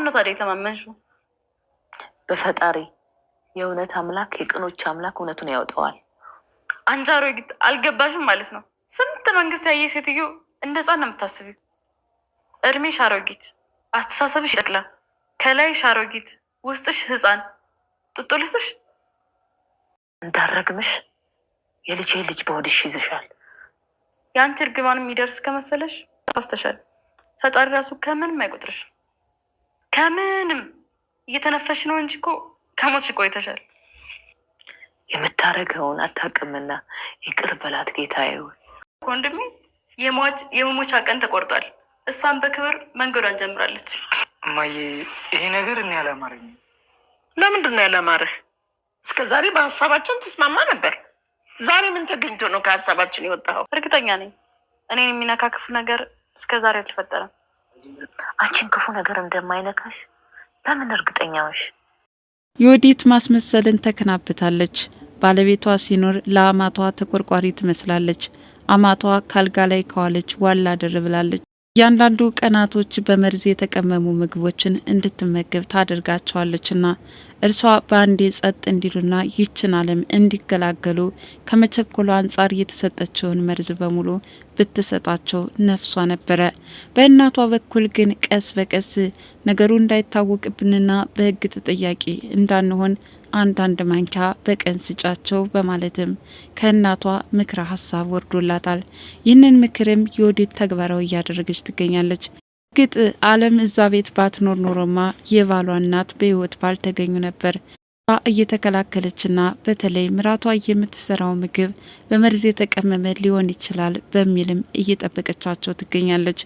ማን ነው ታዲያ የተማመንሽው? በፈጣሪ የእውነት አምላክ የቅኖች አምላክ እውነቱን ያወጣዋል። አንጃሮ ግት አልገባሽም ማለት ነው። ስንት መንግስት ያየ ሴትዮ እንደ ህፃን ነው የምታስቢው። እድሜሽ አሮጊት፣ አስተሳሰብሽ ጨቅላ፣ ከላይሽ አሮጊት፣ ውስጥሽ ህፃን ጡጦ ልስሽ እንዳረግምሽ የልጄ ልጅ በሆድሽ ይዝሻል። የአንቺ እርግማን የሚደርስ ከመሰለሽ ፋስተሻል። ፈጣሪ ራሱ ከምንም አይቆጥርሽ። ከምንም እየተነፈሽ ነው እንጂ እኮ ከሞትሽ ቆይተሻል። የምታረገውን አታውቅምና ይቅር በላት ጌታ ይሁን። ወንድሜ የመሞቻ ቀን ተቆርጧል። እሷን በክብር መንገዷን ጀምራለች። እማዬ ይሄ ነገር እኔ ያላማረኝ። ለምንድን ነው ያላማረህ? እስከ ዛሬ በሀሳባችን ተስማማ ነበር። ዛሬ ምን ተገኝቶ ነው ከሀሳባችን የወጣኸው? እርግጠኛ ነኝ እኔን የሚነካክፍ ነገር እስከ ዛሬ አልተፈጠረም። አንቺን ክፉ ነገር እንደማይነካሽ በምን እርግጠኛዎች? ዮዲት ማስመሰልን ተከናብታለች። ባለቤቷ ሲኖር ለአማቷ ተቆርቋሪ ትመስላለች። አማቷ ካልጋ ላይ ከዋለች ዋላ ድር ብላለች። እያንዳንዱ ቀናቶች በመርዝ የተቀመሙ ምግቦችን እንድትመገብ ታደርጋቸዋለችና እርሷ በአንዴ ጸጥ እንዲሉና ይችን ዓለም እንዲገላገሉ ከመቸኮሏ አንጻር የተሰጠችውን መርዝ በሙሉ ብትሰጣቸው ነፍሷ ነበረ። በእናቷ በኩል ግን ቀስ በቀስ ነገሩ እንዳይታወቅብንና በሕግ ተጠያቂ እንዳንሆን አንዳንድ ማንኪያ በቀን ስጫቸው በማለትም ከእናቷ ምክረ ሀሳብ ወርዶላታል። ይህንን ምክርም የወዲት ተግባራዊ እያደረገች ትገኛለች። ግጥ አለም እዛ ቤት ባትኖር ኖሮማ የባሏ እናት በህይወት ባልተገኙ ነበር። እየተከላከለችና በተለይ ምራቷ የምትሰራው ምግብ በመርዝ የተቀመመ ሊሆን ይችላል በሚልም እየጠበቀቻቸው ትገኛለች።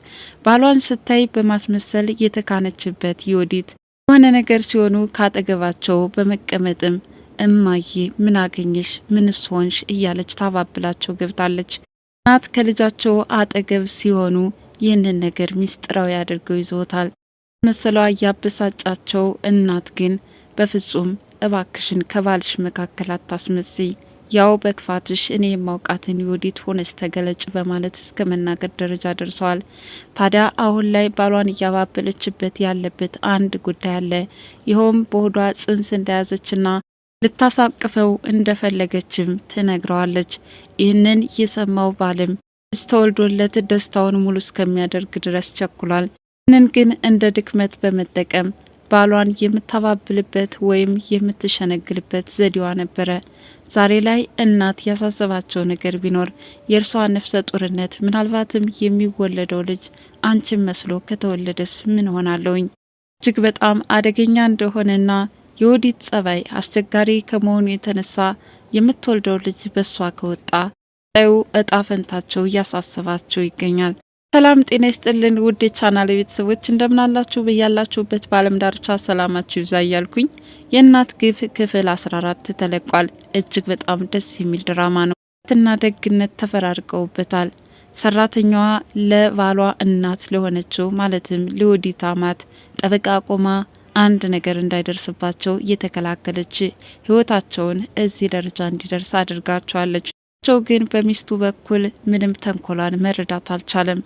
ባሏን ስታይ በማስመሰል የተካነችበት የወዲት የሆነ ነገር ሲሆኑ ካጠገባቸው በመቀመጥም እማዬ ምን አገኘሽ? ምን ስሆንሽ? እያለች ታባብላቸው ገብታለች። እናት ከልጃቸው አጠገብ ሲሆኑ ይህንን ነገር ሚስጥራዊ አድርገው ይዘውታል። መሰሏ ያበሳጫቸው እናት ግን በፍጹም እባክሽን ከባልሽ መካከል አታስመስይ ያው በክፋትሽ እኔ የማውቃትን ዮዲት ሆነች ተገለጭ በማለት እስከ መናገር ደረጃ ደርሰዋል። ታዲያ አሁን ላይ ባሏን እያባበለችበት ያለበት አንድ ጉዳይ አለ። ይኸውም በሆዷ ጽንስ እንደያዘችና ልታሳቅፈው እንደፈለገችም ትነግረዋለች። ይህንን የሰማው ባልም ልጅ ተወልዶለት ደስታውን ሙሉ እስከሚያደርግ ድረስ ቸኩሏል። ይህንን ግን እንደ ድክመት በመጠቀም ባሏን የምታባብልበት ወይም የምትሸነግልበት ዘዴዋ ነበረ። ዛሬ ላይ እናት ያሳሰባቸው ነገር ቢኖር የእርሷ ነፍሰ ጡርነት፣ ምናልባትም የሚወለደው ልጅ አንቺን መስሎ ከተወለደስ ምን ሆናለውኝ እጅግ በጣም አደገኛ እንደሆነና የወዲት ጸባይ አስቸጋሪ ከመሆኑ የተነሳ የምትወልደው ልጅ በሷ ከወጣ ጠዩ እጣ ፈንታቸው እያሳሰባቸው ይገኛል። ሰላም ጤና ይስጥልን ውድ የቻናል ቤተሰቦች እንደምናላችሁ በያላችሁበት በአለም ዳርቻ ሰላማችሁ ይብዛ እያልኩኝ የእናት ግፍ ክፍል 14 ተለቋል። እጅግ በጣም ደስ የሚል ድራማ ነው። እናትና ደግነት ተፈራርቀውበታል። ሰራተኛዋ ለባሏ እናት ለሆነችው ማለትም ልውዲት አማት ጠበቃ ቆማ አንድ ነገር እንዳይደርስባቸው እየተከላከለች ህይወታቸውን እዚህ ደረጃ እንዲደርስ አድርጋቸዋለች። ቸው ግን በሚስቱ በኩል ምንም ተንኮሏን መረዳት አልቻለም።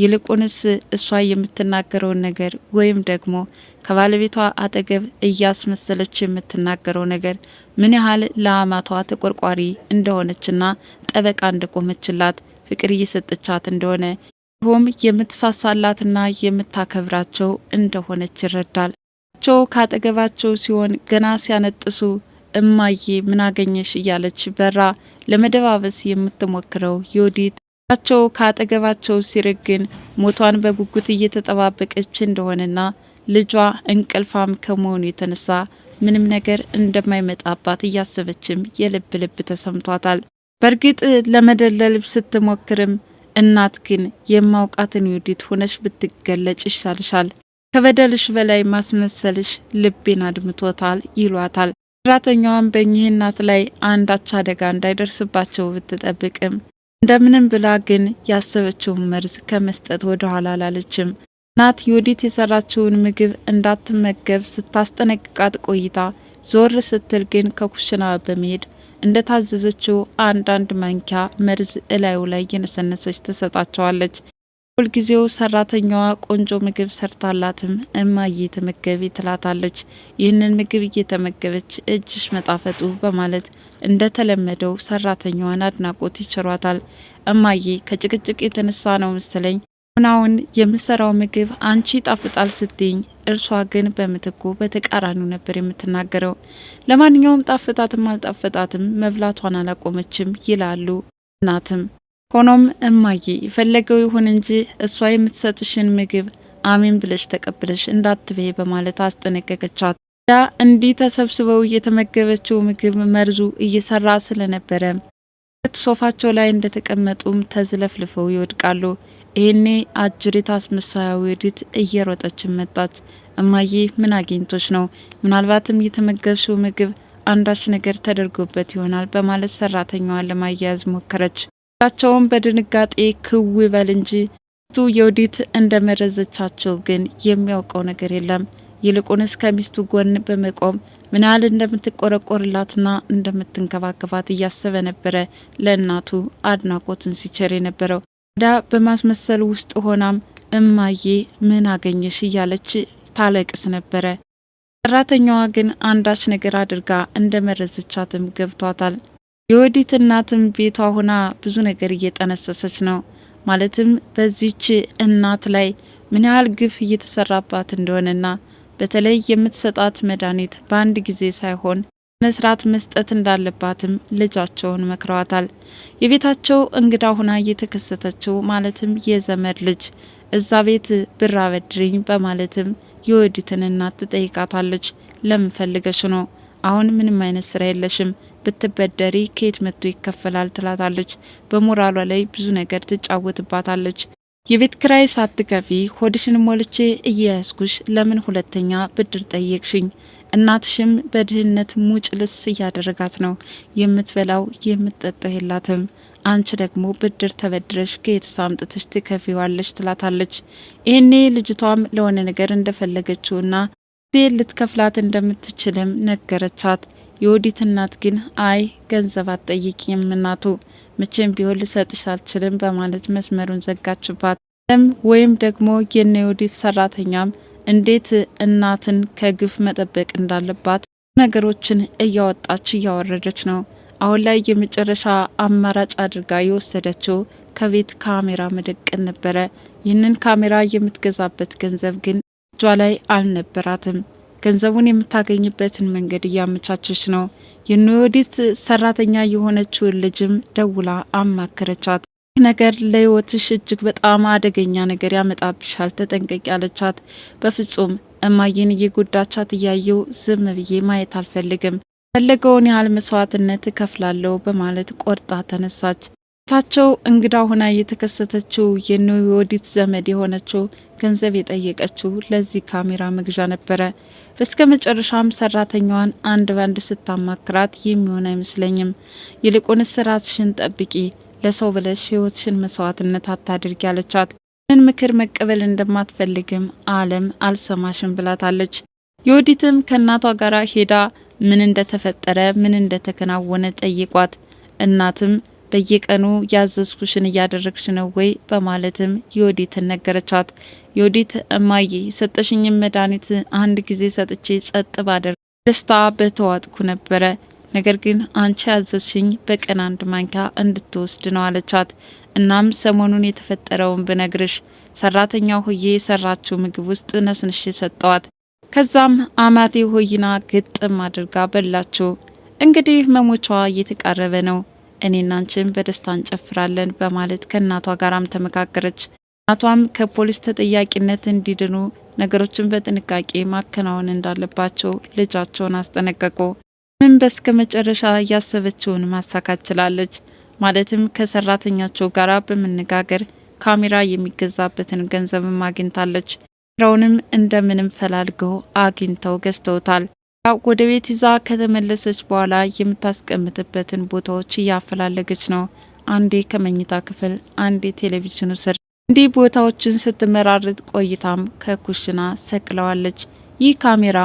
ይልቁንስ እሷ የምትናገረውን ነገር ወይም ደግሞ ከባለቤቷ አጠገብ እያስመሰለች የምትናገረው ነገር ምን ያህል ለአማቷ ተቆርቋሪ እንደሆነችና ጠበቃ እንደቆመችላት ፍቅር እየሰጠቻት እንደሆነ ይሆም የምትሳሳላትና የምታከብራቸው እንደሆነች ይረዳል። ቸው ካጠገባቸው ሲሆን ገና ሲያነጥሱ እማዬ ምን አገኘሽ እያለች በራ ለመደባበስ የምትሞክረው ዮዲት ቸው ከአጠገባቸው ሲርቅ ግን ሞቷን በጉጉት እየተጠባበቀች እንደሆነና ልጇ እንቅልፋም ከመሆኑ የተነሳ ምንም ነገር እንደማይመጣባት እያሰበችም የልብ ልብ ተሰምቷታል። በእርግጥ ለመደለል ስትሞክርም እናት ግን የማውቃትን ዩዲት ሆነሽ ብትገለጭ ይሻልሻል፣ ከበደልሽ በላይ ማስመሰልሽ ልቤን አድምቶታል ይሏታል። ሰራተኛዋን በእኚህ እናት ላይ አንዳች አደጋ እንዳይደርስባቸው ብትጠብቅም እንደምንም ብላ ግን ያሰበችውን መርዝ ከመስጠት ወደ ኋላ አላለችም። ናት ዩዲት የሰራችውን ምግብ እንዳትመገብ ስታስጠነቅቃት ቆይታ ዞር ስትል ግን ከኩሽና በመሄድ እንደታዘዘችው አንዳንድ ማንኪያ መርዝ እላዩ ላይ የነሰነሰች ትሰጣቸዋለች። ሁልጊዜው ሰራተኛዋ ቆንጆ ምግብ ሰርታላትም እማዬ ተመገቢ ትላታለች። ይህንን ምግብ እየተመገበች እጅሽ መጣፈጡ በማለት እንደተለመደው ሰራተኛዋን አድናቆት ይችሯታል። እማዬ ከጭቅጭቅ የተነሳ ነው መሰለኝ ሁናውን የምሰራው ምግብ አንቺ ጣፍጣል ስትኝ፣ እርሷ ግን በምትኩ በተቃራኒው ነበር የምትናገረው። ለማንኛውም ጣፍጣትም አልጣፍጣትም መብላቷን አላቆመችም ይላሉ እናትም ሆኖም እማዬ የፈለገው ይሁን እንጂ እሷ የምትሰጥሽን ምግብ አሜን ብለሽ ተቀብለሽ እንዳትበይ በማለት አስጠነቀቀቻት። ያ እንዲህ ተሰብስበው የተመገበችው ምግብ መርዙ እየሰራ ስለነበረ ሁለት ሶፋቸው ላይ እንደተቀመጡም ተዝለፍልፈው ይወድቃሉ። ይህኔ አጅሬት አስመሳያ ወዲት እየሮጠችን መጣች። እማዬ ምን አግኝቶች ነው? ምናልባትም የተመገብሽው ምግብ አንዳች ነገር ተደርጎበት ይሆናል በማለት ሰራተኛዋን ለማያያዝ ሞከረች። ሁላቸውም በድንጋጤ ክው ይበል እንጂ ቱ የወዲት እንደመረዘቻቸው ግን የሚያውቀው ነገር የለም። ይልቁንስ ከሚስቱ ጎን በመቆም ምናል እንደምትቆረቆርላትና እንደምትንከባከባት እያሰበ ነበረ ለእናቱ አድናቆትን ሲቸር የነበረው። ዳ በማስመሰል ውስጥ ሆናም እማዬ ምን አገኘሽ እያለች ታለቅስ ነበረ። ሰራተኛዋ ግን አንዳች ነገር አድርጋ እንደመረዘቻትም ገብቷታል። የወዲት እናትም ቤቷ ሆና ብዙ ነገር እየጠነሰሰች ነው። ማለትም በዚች እናት ላይ ምን ያህል ግፍ እየተሰራባት እንደሆነና በተለይ የምትሰጣት መድኃኒት በአንድ ጊዜ ሳይሆን መስራት መስጠት እንዳለባትም ልጃቸውን መክረዋታል። የቤታቸው እንግዳ ሁና እየተከሰተችው ማለትም የዘመድ ልጅ እዛ ቤት ብር በድርኝ በማለትም የወዲትን እናት ትጠይቃታለች። ለምን ፈልገሽ ነው? አሁን ምንም አይነት ስራ የለሽም ብትበደሪ ከየት መጥቶ ይከፈላል ትላታለች። በሞራሏ ላይ ብዙ ነገር ትጫወትባታለች። የቤት ክራይ ሳትከፊ ሆድሽን ሞልቼ እየያዝኩሽ ለምን ሁለተኛ ብድር ጠየቅሽኝ? እናትሽም በድህነት ሙጭ ልስ እያደረጋት ነው። የምትበላው የምትጠጣ የላትም። አንቺ ደግሞ ብድር ተበድረሽ ከየት አምጥተሽ ትከፊዋለሽ? ትላታለች። ይህኔ ልጅቷም ለሆነ ነገር እንደፈለገችውና ዜ ልትከፍላት እንደምትችልም ነገረቻት። የወዲት እናት ግን አይ ገንዘብ አትጠይቂም እናቱ መቼም ቢሆን ልሰጥሽ አልችልም በማለት መስመሩን ዘጋችባት። ወይም ደግሞ የነ የወዲት ሰራተኛም እንዴት እናትን ከግፍ መጠበቅ እንዳለባት ነገሮችን እያወጣች እያወረደች ነው። አሁን ላይ የመጨረሻ አማራጭ አድርጋ የወሰደችው ከቤት ካሜራ መደቀን ነበረ። ይህንን ካሜራ የምትገዛበት ገንዘብ ግን እጇ ላይ አልነበራትም። ገንዘቡን የምታገኝበትን መንገድ እያመቻቸች ነው። የኑዮዲት ሰራተኛ የሆነችውን ልጅም ደውላ አማከረቻት። ይህ ነገር ለህይወትሽ እጅግ በጣም አደገኛ ነገር ያመጣብሻል፣ ተጠንቀቂ ያለቻት። በፍጹም እማዬን እየጎዳቻት እያየው ዝም ብዬ ማየት አልፈልግም፣ ፈለገውን ያህል መስዋዕትነት እከፍላለሁ በማለት ቆርጣ ተነሳች። ታቸው እንግዳ ሆና የተከሰተችው የወዲት ዘመድ የሆነችው ገንዘብ የጠየቀችው ለዚህ ካሜራ መግዣ ነበረ። እስከ መጨረሻም ሰራተኛዋን አንድ በአንድ ስታማክራት የሚሆን አይመስለኝም። ይልቁንስ ራስሽን ጠብቂ፣ ለሰው ብለሽ ሕይወትሽን መስዋዕትነት አታድርጊ ያለቻት። ምን ምክር መቀበል እንደማትፈልግም አለም አልሰማሽም ብላታለች። የወዲትም ከእናቷ ጋር ሄዳ ምን እንደተፈጠረ ምን እንደተከናወነ ጠይቋት እናትም በየቀኑ ያዘዝኩሽን እያደረግሽ ነው ወይ በማለትም ዮዲትን ነገረቻት። ዮዲት እማዬ የሰጠሽኝን መድኃኒት አንድ ጊዜ ሰጥቼ ጸጥ ባደር ደስታ በተዋጥኩ ነበረ። ነገር ግን አንቺ ያዘዝሽኝ በቀን አንድ ማንኪያ እንድትወስድ ነው አለቻት። እናም ሰሞኑን የተፈጠረውን ብነግርሽ ሰራተኛው ሆዬ የሰራችው ምግብ ውስጥ ነስንሽ ሰጠዋት። ከዛም አማቴ ሆይና ግጥም አድርጋ በላችው። እንግዲህ መሞቿ እየተቃረበ ነው። እኔና አንቺን በደስታ እንጨፍራለን በማለት ከእናቷ ጋራም ተመካከረች። እናቷም ከፖሊስ ተጠያቂነት እንዲድኑ ነገሮችን በጥንቃቄ ማከናወን እንዳለባቸው ልጃቸውን አስጠነቀቁ። ምን በስከ መጨረሻ እያሰበችውን ማሳካት ችላለች። ማለትም ከሰራተኛቸው ጋራ በመነጋገር ካሜራ የሚገዛበትን ገንዘብም አግኝታለች። ካሜራውንም እንደምንም ፈላልገው አግኝተው ገዝተውታል። ወደ ቤት ይዛ ከተመለሰች በኋላ የምታስቀምጥበትን ቦታዎች እያፈላለገች ነው። አንዴ ከመኝታ ክፍል፣ አንዴ ቴሌቪዥኑ ስር እንዲህ ቦታዎችን ስትመራርጥ ቆይታም ከኩሽና ሰቅለዋለች። ይህ ካሜራ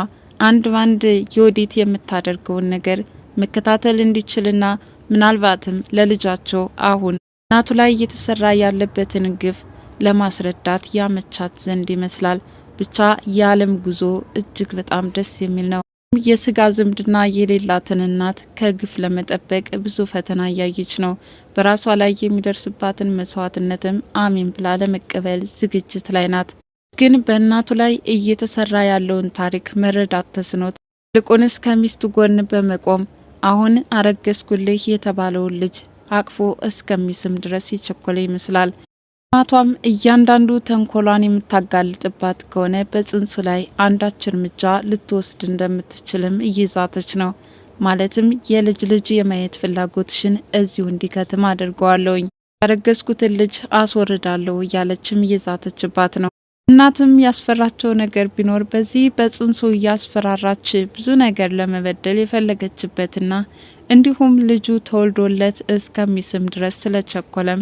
አንድ ባንድ የወዴት የምታደርገውን ነገር መከታተል እንዲችልና ምናልባትም ለልጃቸው አሁን እናቱ ላይ እየተሰራ ያለበትን ግፍ ለማስረዳት ያመቻት ዘንድ ይመስላል። ብቻ የዓለም ጉዞ እጅግ በጣም ደስ የሚል ነው። የስጋ ዝምድና የሌላትን እናት ከግፍ ለመጠበቅ ብዙ ፈተና እያየች ነው። በራሷ ላይ የሚደርስባትን መስዋዕትነትም አሚን ብላ ለመቀበል ዝግጅት ላይ ናት። ግን በእናቱ ላይ እየተሰራ ያለውን ታሪክ መረዳት ተስኖት እስከ ከሚስቱ ጎን በመቆም አሁን አረገዝኩልህ የተባለውን ልጅ አቅፎ እስከሚስም ድረስ ይቸኮለ ይመስላል። እናቷም እያንዳንዱ ተንኮሏን የምታጋልጥባት ከሆነ በጽንሱ ላይ አንዳች እርምጃ ልትወስድ እንደምትችልም እየዛተች ነው። ማለትም የልጅ ልጅ የማየት ፍላጎትሽን እዚሁ እንዲከትም አድርገዋለውኝ ያረገዝኩትን ልጅ አስወርዳለሁ እያለችም እየዛተችባት ነው። እናትም ያስፈራቸው ነገር ቢኖር በዚህ በጽንሱ እያስፈራራች ብዙ ነገር ለመበደል የፈለገችበትና እንዲሁም ልጁ ተወልዶለት እስከሚስም ድረስ ስለቸኮለም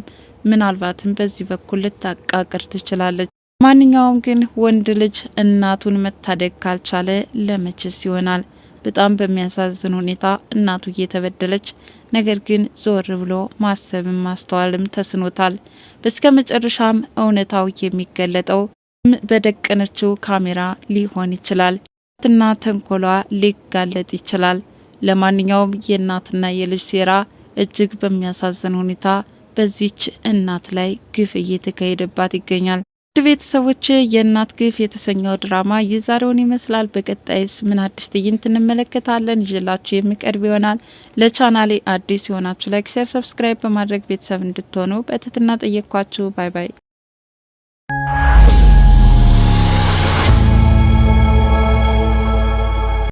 ምናልባትም በዚህ በኩል ልታቃቅር ትችላለች። ማንኛውም ግን ወንድ ልጅ እናቱን መታደግ ካልቻለ ለመቼስ ይሆናል። በጣም በሚያሳዝን ሁኔታ እናቱ እየተበደለች፣ ነገር ግን ዞር ብሎ ማሰብም ማስተዋልም ተስኖታል። በስከ መጨረሻም እውነታው የሚገለጠው በደቀነችው ካሜራ ሊሆን ይችላል። ትና ተንኮሏ ሊጋለጥ ይችላል። ለማንኛውም የእናትና የልጅ ሴራ እጅግ በሚያሳዝን ሁኔታ በዚች እናት ላይ ግፍ እየተካሄደባት ይገኛል። ውድ ቤተሰቦች የእናት ግፍ የተሰኘው ድራማ የዛሬውን ይመስላል። በቀጣይስ ምን አዲስ ትዕይንት እንመለከታለን? ይዤላችሁ የሚቀርብ ይሆናል። ለቻናሌ አዲስ የሆናችሁ ላይክ፣ ሼር፣ ሰብስክራይብ በማድረግ ቤተሰብ እንድትሆኑ በትህትና ጠየቅኳችሁ። ባይ ባይ።